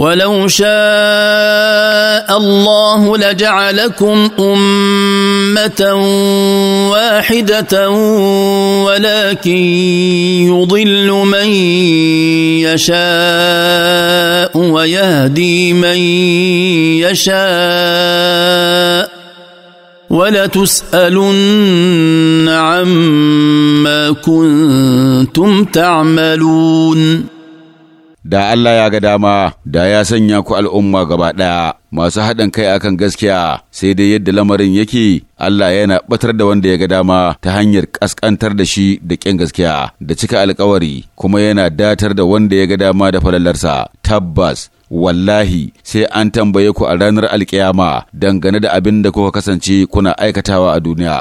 ولو شاء الله لجعلكم امه واحده ولكن يضل من يشاء ويهدي من يشاء ولتسالن عما كنتم تعملون da Allah ya ga dama da ya sanya ku al'umma gaba ɗaya masu haɗin kai akan gaskiya sai dai yadda lamarin yake Allah yana batar da wanda ya ga dama ta hanyar ƙasƙantar da shi da ƙin gaskiya da cika alkawari kuma yana datar da wanda ya ga dama da falalarsa tabbas wallahi sai an tambaye ku a ranar alkiyama dangane da abin da kuka kasance kuna aikatawa a duniya.